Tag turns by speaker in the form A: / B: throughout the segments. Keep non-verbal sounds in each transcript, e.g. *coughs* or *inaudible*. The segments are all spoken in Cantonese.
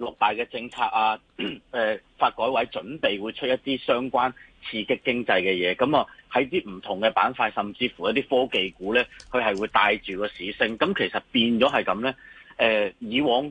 A: 六大嘅政策啊，誒，發改委準備會出一啲相關刺激經濟嘅嘢，咁啊喺啲唔同嘅板塊，甚至乎一啲科技股呢，佢係會帶住個市升。咁其實變咗係咁呢，以往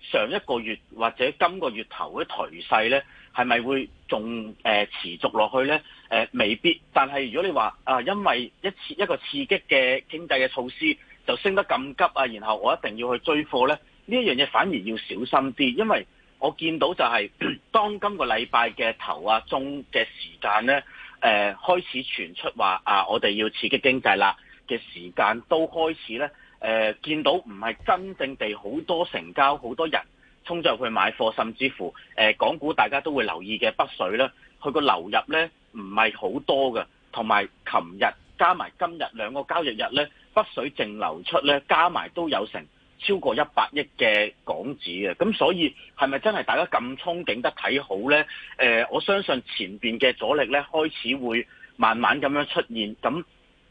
A: 上一個月或者今個月頭嗰啲頹勢呢，係咪會仲持續落去呢？誒，未必。但係如果你話啊，因為一次一個刺激嘅經濟嘅措施就升得咁急啊，然後我一定要去追貨呢。呢一樣嘢反而要小心啲，因為我見到就係、是、當今個禮拜嘅頭啊、中嘅時間呢，誒、呃、開始傳出話啊，我哋要刺激經濟啦嘅時間，都開始呢。誒、呃、見到唔係真正地好多成交、好多人衝入去買貨，甚至乎誒、呃、港股大家都會留意嘅北水呢，佢個流入呢唔係好多嘅，同埋琴日加埋今日兩個交易日呢，北水淨流出呢，加埋都有成。超過一百億嘅港紙嘅，咁所以係咪真係大家咁憧憬得睇好呢？呃，我相信前面嘅阻力呢，開始會慢慢咁樣出現，咁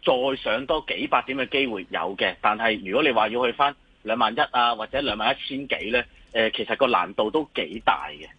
A: 再上多幾百點嘅機會有嘅，但係如果你話要去返兩萬一啊，或者兩萬一千幾呢，呃，其實個難度都幾
B: 大嘅。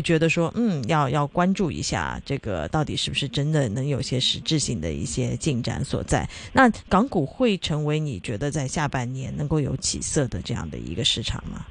B: 覺得說，嗯，要要關注一下這個到底是不是真的能有些實質性的一些進展所在？那港股會成為你覺得在下半年能夠有起色的這樣的一個市場嗎？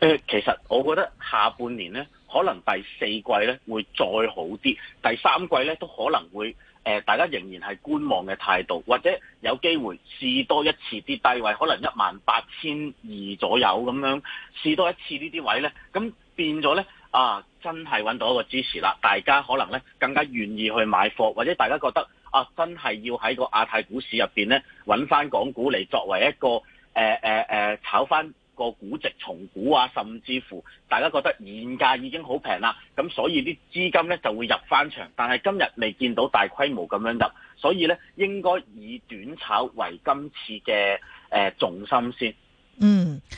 A: 誒、呃，其實我覺得下半年呢，可能第四季呢會再好啲，第三季呢都可能會誒、呃，大家仍然係觀望嘅態度，或者有機會試多一次跌低位，可能一萬八千二左右咁樣試多一次呢啲位呢，咁變咗呢。啊！真係揾到一個支持啦，大家可能呢更加願意去買貨，或者大家覺得啊，真係要喺個亞太股市入面呢揾翻港股嚟作為一個誒誒、呃呃、炒翻個估值重估啊，甚至乎大家覺得現價已經好平啦，咁所以啲資金呢就會入翻場，但係今日未見到大規模咁樣入，所以呢應該以短炒為今次嘅、呃、重心先。嗯。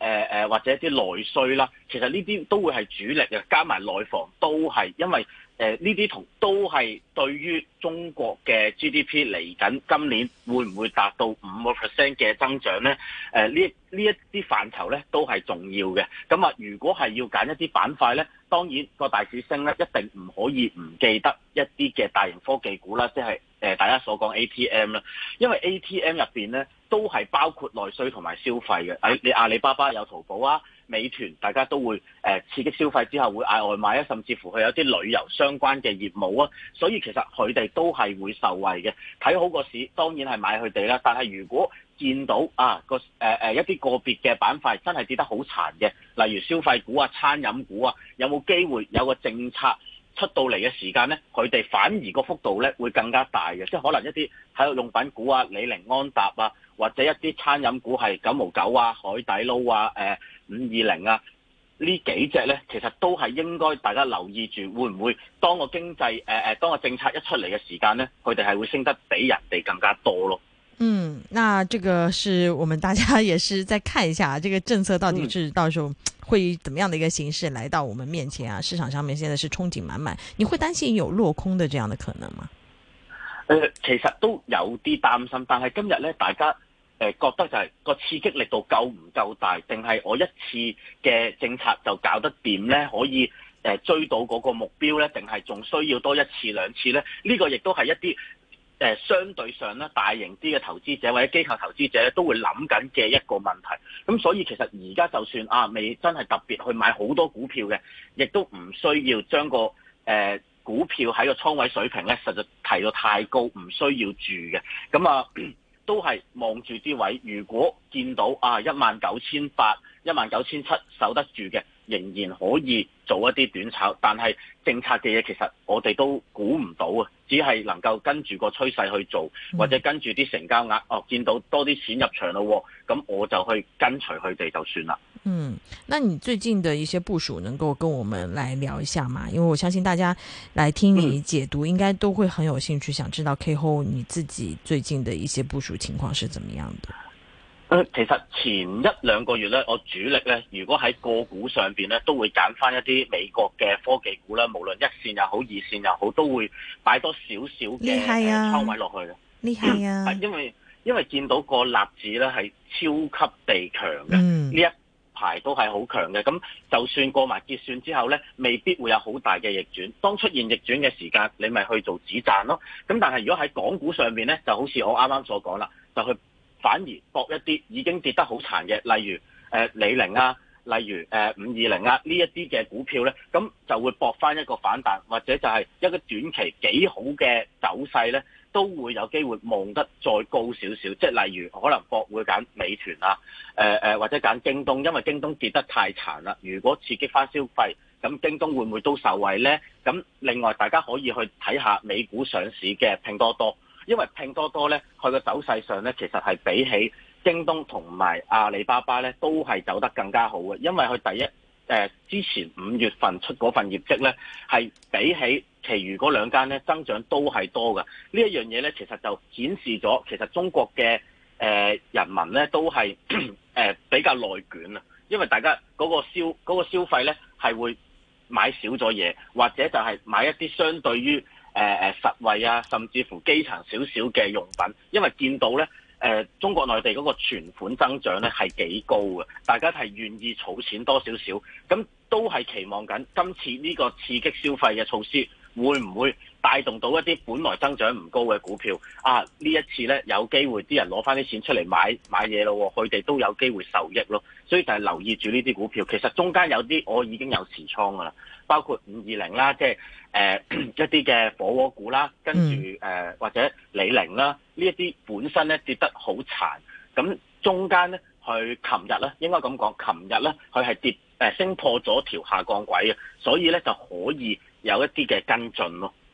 A: 誒或者一啲內需啦，其實呢啲都會係主力嘅，加埋內房都係，因為誒呢啲同都係對於中國嘅 G D P 嚟緊今年會唔會達到五個 percent 嘅增長咧？誒呢呢一啲範疇咧都係重要嘅。咁啊，如果係要揀一啲板塊咧，當然個大市升咧一定唔可以唔記得一啲嘅大型科技股啦，即係。誒大家所講 ATM 啦，因為 ATM 入面咧都係包括內需同埋消費嘅，喺你阿里巴巴有淘寶啊、美團，大家都會誒刺激消費之後會嗌外賣啊，甚至乎佢有啲旅遊相關嘅業務啊，所以其實佢哋都係會受惠嘅。睇好個市當然係買佢哋啦，但係如果見到啊，啊，啊個誒一啲個別嘅板塊真係跌得好殘嘅，例如消費股啊、餐飲股啊，有冇機會有個政策？出到嚟嘅時間呢，佢哋反而個幅度呢會更加大嘅，即係可能一啲體育用品股啊，李寧、安踏啊，或者一啲餐飲股係九毛九啊、海底撈啊、誒五二零啊，呢幾隻呢，其實都係應該大家留意住，會唔會當個經濟誒誒、呃，當個政策一出嚟嘅時間呢，佢哋係會升得比人哋更加多
B: 咯。嗯，那這個是我們大家也是再看一下，這個政策到底是到時候會以怎麼樣的一個形式來到我們面前啊？市場上面現在是憧憬滿滿，你會擔心有落空的這樣的可能嗎？
A: 誒、呃，其實都有啲擔心，但係今日咧，大家誒、呃、覺得就係個刺激力度夠唔夠大，定係我一次嘅政策就搞得掂咧，可以誒、呃、追到嗰個目標咧，定係仲需要多一次兩次咧？呢、這個亦都係一啲。誒相對上咧，大型啲嘅投資者或者機構投資者咧，都會諗緊嘅一個問題。咁所以其實而家就算啊未真係特別去買好多股票嘅，亦都唔需要將個誒、呃、股票喺個倉位水平咧，實在提到太高，唔需要住嘅。咁啊，嗯、都係望住啲位，如果見到啊一萬九千八、一萬九千七守得住嘅。仍然可以做一啲短炒，但係政策嘅嘢，其實我哋都估唔到啊，只係能夠跟住個趨勢去做，或者跟住啲成交額哦，見到多啲錢入場咯，咁我就去跟隨佢哋就算啦。嗯，
B: 那你最近的一些部署，能夠跟我們來聊一下嗎？因為我相信大家來聽你解讀，嗯、應該都會很有興趣，想知道 K Ho 你自己最近的一些部署情況是怎麼樣的。
A: 其實前一兩個月咧，我主力咧，如果喺個股上面咧，都會揀翻一啲美國嘅科技股啦。無論一線又好，二線又好，都會擺多少少嘅倉位落去。呢係啊，、嗯、啊，因為因為見到個納指咧係超級地強嘅，呢、嗯、一排都係好強嘅。咁就算過埋結算之後咧，未必會有好大嘅逆轉。當出現逆轉嘅時間，你咪去做止賺咯。咁但係如果喺港股上面咧，就好似我啱啱所講啦，就去。反而搏一啲已經跌得好殘嘅，例如誒，李寧啊，例如誒，五二零啊呢一啲嘅股票咧，咁就會搏翻一個反彈，或者就係一個短期幾好嘅走勢咧，都會有機會望得再高少少。即係例如可能博會揀美團啊，誒誒或者揀京東，因為京東跌得太殘啦。如果刺激翻消費，咁京東會唔會都受惠咧？咁另外大家可以去睇下美股上市嘅拼多多。因為拼多多呢，佢個走勢上呢，其實係比起京東同埋阿里巴巴呢，都係走得更加好嘅。因為佢第一誒、呃、之前五月份出嗰份業績呢，係比起其餘嗰兩間呢，增長都係多嘅。呢一樣嘢呢，其實就顯示咗其實中國嘅、呃、人民呢，都係、呃、比較內卷啊。因為大家嗰個消嗰、嗰個、消費呢，係會買少咗嘢，或者就係買一啲相對於誒、呃、誒，實惠啊，甚至乎基層少少嘅用品，因為見到咧，誒、呃，中國內地嗰個存款增長咧，係幾高嘅，大家係願意儲錢多少少，咁都係期望緊今次呢個刺激消費嘅措施會唔會。帶動到一啲本來增長唔高嘅股票啊！呢一次咧有機會，啲人攞翻啲錢出嚟買買嘢咯。佢哋都有機會受益咯。所以就係留意住呢啲股票。其實中間有啲我已經有持倉噶啦，包括五二零啦，即係誒一啲嘅火鍋股啦，跟住誒、呃、或者李寧啦呢一啲本身咧跌得好殘咁，中間咧佢琴日咧應該咁講，琴日咧佢係跌誒升破咗條下降軌嘅，所以咧就可以有一啲嘅跟進咯。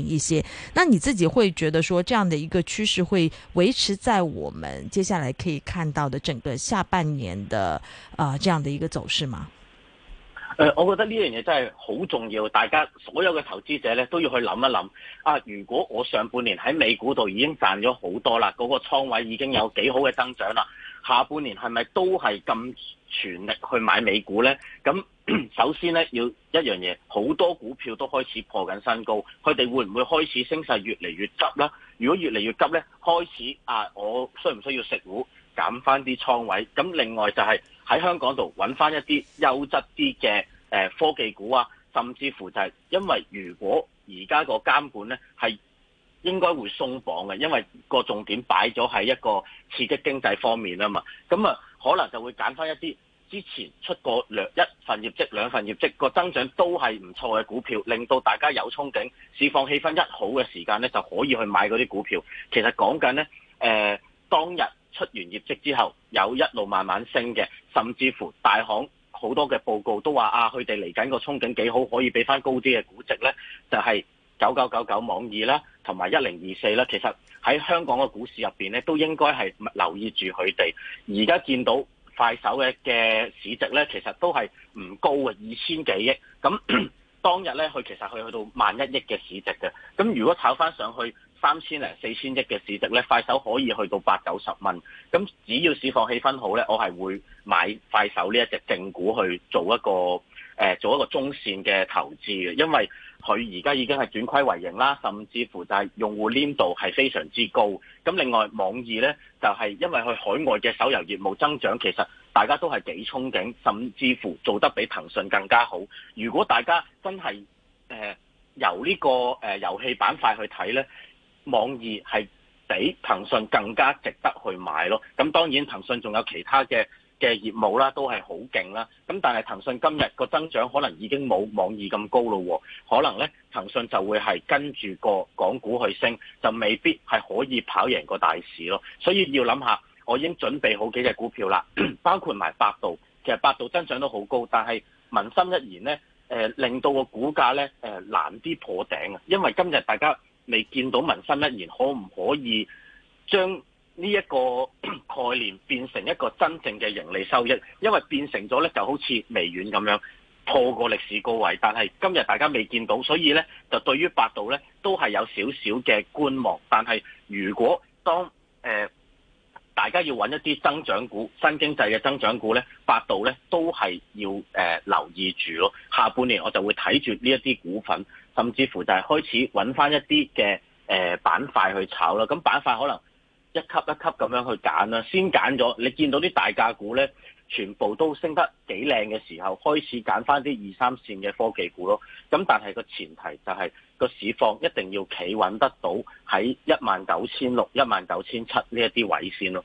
B: 一些，那你自己會覺得說，這樣的一個趨勢會維持在我們接下來可以看到的整個下半年的啊、呃、這樣的一個走勢嗎？
A: 誒、呃，我覺得呢樣嘢真係好重要，大家所有嘅投資者咧都要去諗一諗啊！如果我上半年喺美股度已經賺咗好多啦，嗰、那個倉位已經有幾好嘅增長啦，下半年係咪都係咁？全力去買美股呢。咁首先呢，要一樣嘢，好多股票都開始，開始破緊新高，佢哋會唔會開始升勢越嚟越急啦？如果越嚟越急呢，開始啊，我需唔需要食糊減翻啲倉位？咁另外就係、是、喺香港度揾翻一啲優質啲嘅誒科技股啊，甚至乎就係、是、因為如果而家個監管呢，係應該會鬆綁嘅，因為個重點擺咗喺一個刺激經濟方面啊嘛，咁啊。可能就會揀翻一啲之前出過一份業績、兩份業績、個增長都係唔錯嘅股票，令到大家有憧憬，市況氣氛一好嘅時間呢，就可以去買嗰啲股票。其實講緊呢，誒、呃、當日出完業績之後，有一路慢慢升嘅，甚至乎大行好多嘅報告都話啊，佢哋嚟緊個憧憬幾好，可以俾翻高啲嘅估值呢，就係、是。九九九九網易啦，同埋一零二四啦，其實喺香港嘅股市入面咧，都應該係留意住佢哋。而家見到快手嘅嘅市值咧，其實都係唔高嘅，二千幾億。咁 *coughs* 當日咧，佢其實去去到萬一億嘅市值嘅。咁如果炒翻上去三千零四千億嘅市值咧，快手可以去到八九十蚊。咁只要市況氣氛好咧，我係會買快手呢一隻正股去做一個。誒做一個中線嘅投資嘅，因為佢而家已經係轉虧為盈啦，甚至乎就係用戶黏度係非常之高。咁另外網易呢就係、是、因為佢海外嘅手遊業務增長，其實大家都係幾憧憬，甚至乎做得比騰訊更加好。如果大家真係誒、呃、由呢、這個誒、呃、遊戲板塊去睇呢，網易係比騰訊更加值得去買咯。咁當然騰訊仲有其他嘅。嘅業務啦，都係好勁啦。咁但係騰訊今日個增長可能已經冇網易咁高咯。可能呢，騰訊就會係跟住個港股去升，就未必係可以跑贏個大市咯。所以要諗下，我已經準備好幾隻股票啦，包括埋百度。其實百度增長都好高，但係文心一言呢，令到個股價呢難啲破頂啊。因為今日大家未見到文心一言可唔可以將呢一個概念變成一個真正嘅盈利收益，因為變成咗呢就好似微軟咁樣破過歷史高位，但係今日大家未見到，所以呢就對於百度呢都係有少少嘅觀望。但係如果當、呃、大家要揾一啲增長股、新經濟嘅增長股呢，百度呢都係要、呃、留意住咯。下半年我就會睇住呢一啲股份，甚至乎就係開始揾返一啲嘅、呃、板塊去炒啦。咁板塊可能。一級一級咁樣去揀啦，先揀咗，你見到啲大價股呢，全部都升得幾靚嘅時候，開始揀翻啲二三線嘅科技股咯。咁但係個前提就係、是、個市況一定要企穩得到喺一萬九千六、一萬九千七呢一啲位先咯。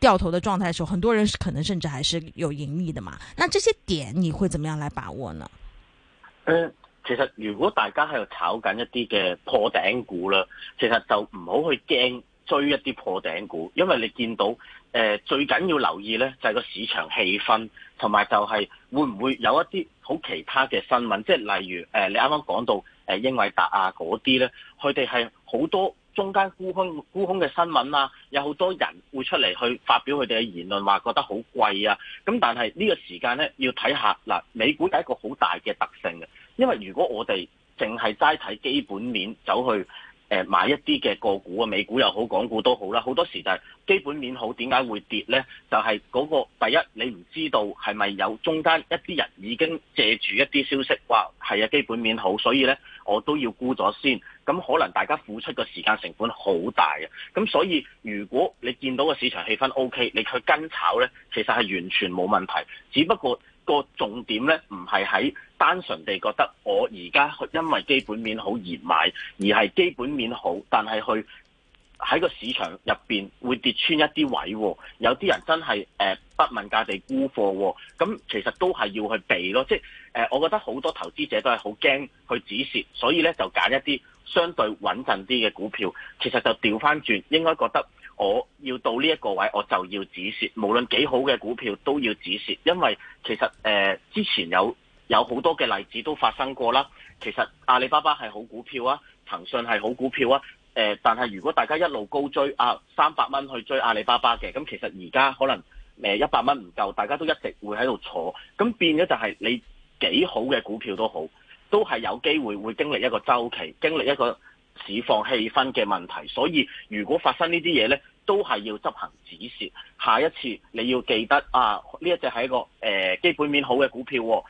B: 掉頭的狀態的時候，很多人可能甚至還是有盈利的嘛？那這些點你會怎麼樣來把握呢？呃、
A: 其實如果大家喺度炒緊一啲嘅破頂股啦，其實就唔好去驚追一啲破頂股，因為你見到誒、呃、最緊要留意呢，就係、是、個市場氣氛，同埋就係會唔會有一啲好其他嘅新聞，即係例如誒、呃、你啱啱講到。誒英偉達啊嗰啲咧，佢哋係好多中間沽空沽空嘅新聞啊。有好多人會出嚟去發表佢哋嘅言論，話覺得好貴啊。咁但係呢個時間咧，要睇下嗱，美股係一個好大嘅特性嘅，因為如果我哋淨係齋睇基本面走去。誒買一啲嘅個股啊，美股又好，港股都好啦。好多時就係基本面好，點解會跌呢？就係、是、嗰個第一，你唔知道係咪有中間一啲人已經借住一啲消息話係啊，基本面好，所以呢，我都要沽咗先。咁可能大家付出嘅時間成本好大啊，咁所以如果你見到個市場氣氛 OK，你去跟炒呢，其實係完全冇問題，只不過。個重點咧，唔係喺單純地覺得我而家因為基本面好而買，而係基本面好，但係去喺個市場入面會跌穿一啲位，有啲人真係誒不問價地沽貨，咁其實都係要去避咯。即係誒，我覺得好多投資者都係好驚去止蝕，所以咧就揀一啲相對穩陣啲嘅股票，其實就調翻轉，應該覺得。我要到呢一個位，我就要止蝕。無論幾好嘅股票都要止蝕，因為其實誒、呃、之前有有好多嘅例子都發生過啦。其實阿里巴巴係好股票啊，騰訊係好股票啊。呃、但係如果大家一路高追啊三百蚊去追阿里巴巴嘅，咁其實而家可能誒一百蚊唔夠，大家都一直會喺度坐。咁變咗就係你幾好嘅股票都好，都係有機會會經歷一個週期，經歷一個市況氣氛嘅問題。所以如果發生呢啲嘢呢，都係要執行指示。下一次你要記得啊，呢一隻係一個、呃、基本面好嘅股票、哦。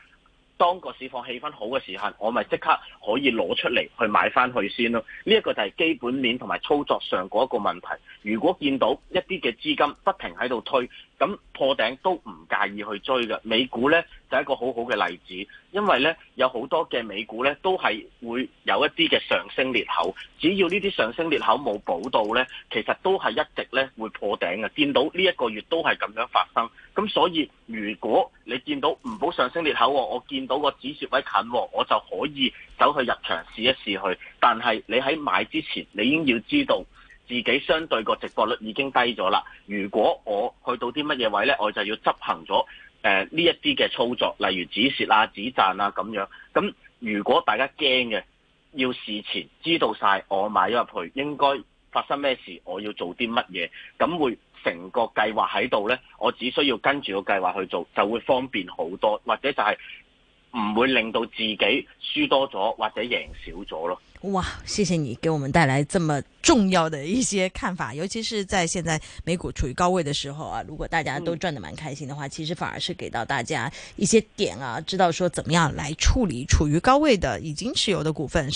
A: 當個市況氣氛好嘅時候，我咪即刻可以攞出嚟去買翻去先咯。呢、這、一個就係基本面同埋操作上嗰一個問題。如果見到一啲嘅資金不停喺度推，咁破頂都唔介意去追嘅。美股呢，就係一個好好嘅例子。因為咧，有好多嘅美股咧，都係會有一啲嘅上升裂口。只要呢啲上升裂口冇補到咧，其實都係一直咧會破頂嘅。見到呢一個月都係咁樣發生。咁所以，如果你見到唔補上升裂口喎、哦，我見到個止蝕位近喎、哦，我就可以走去入場試一試去。但係你喺買之前，你已經要知道自己相對個值博率已經低咗啦。如果我去到啲乜嘢位咧，我就要執行咗。誒呢一啲嘅操作，例如止蝕啊、止賺啊咁樣。咁如果大家驚嘅，要事前知道晒我買咗入去應該發生咩事，我要做啲乜嘢，咁會成個計劃喺度呢。我只需要跟住個計劃去做，就會方便好多，或者就係。唔會令到自己輸多咗或者贏少咗咯。
B: 哇，謝謝你給我們帶來這麼重要的一些看法，尤其是在現在美股處於高位的時候啊，如果大家都賺得蠻開心的話，嗯、其實反而是給到大家一些點啊，知道說怎麼樣來處理處於高位的已經持有的股份。